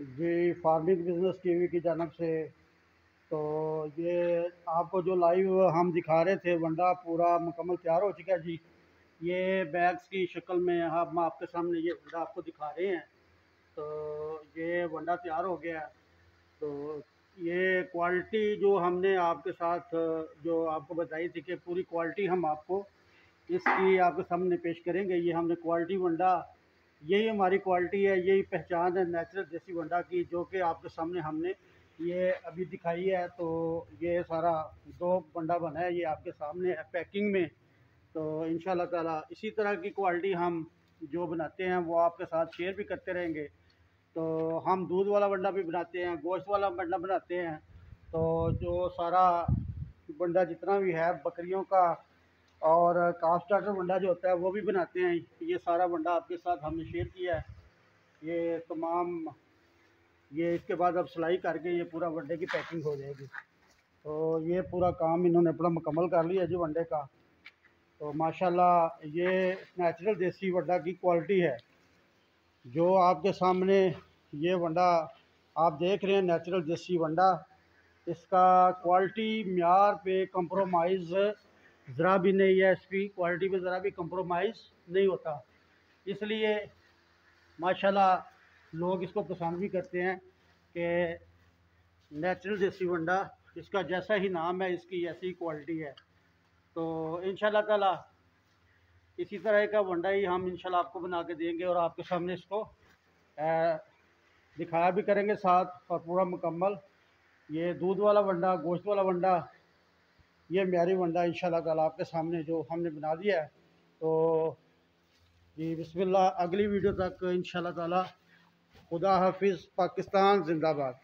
जी farming business TV की जानब से तो ये आपको जो लाइव हम दिखा रहे थे वंडा पूरा मुकम्मल तैयार हो चुका है जी ये बैग्स की शक्ल में हम आपके सामने ये वंडा आपको दिखा रहे हैं तो ये वंडा तैयार हो गया तो ये क्वालिटी जो हमने आपके साथ जो आपको बताई थी कि पूरी क्वालिटी हम आपको इसकी आपके सामने पेश करेंगे ये हमने क्वालिटी वंडा यही हमारी क्वालिटी है यही पहचान है नेचुरल देसी वंडा की जो कि आपके सामने हमने ये अभी दिखाई है तो ये सारा दो बंडा बना है ये आपके सामने है पैकिंग में तो इन ताला इसी तरह की क्वालिटी हम जो बनाते हैं वो आपके साथ शेयर भी करते रहेंगे तो हम दूध वाला बंडा भी बनाते हैं गोश्त वाला बंडा बनाते हैं तो जो सारा बंडा जितना भी है बकरियों का और काफ स्टार्टर वंडा जो होता है वो भी बनाते हैं ये सारा वंडा आपके साथ हमने शेयर किया है ये तमाम ये इसके बाद अब सिलाई करके ये पूरा वंडे की पैकिंग हो जाएगी तो ये पूरा काम इन्होंने अपना मुकम्मल कर लिया जी वंडे का तो माशाल्लाह ये नेचुरल देसी वंडा की क्वालिटी है जो आपके सामने ये वंडा आप देख रहे हैं नेचुरल देसी वंडा इसका क्वालिटी मैार पे कंप्रोमाइज़ ज़रा भी नहीं है इसकी क्वालिटी में ज़रा भी कंप्रोमाइज़ नहीं होता इसलिए माशाल्लाह लोग इसको पसंद भी करते हैं कि नेचुरल देसी वंडा इसका जैसा ही नाम है इसकी ऐसी क्वालिटी है तो इन ताला इसी तरह का वंडा ही हम इंशाल्लाह आपको बना के देंगे और आपके सामने इसको दिखाया भी करेंगे साथ और पूरा मुकम्मल ये दूध वाला वंडा गोश्त वाला वंडा ये म्यारी वंडा इन कल आपके सामने जो हमने बना दिया है तो जी बिस्मिल्लाह अगली वीडियो तक इन ताला खुदा हाफिज़ पाकिस्तान जिंदाबाद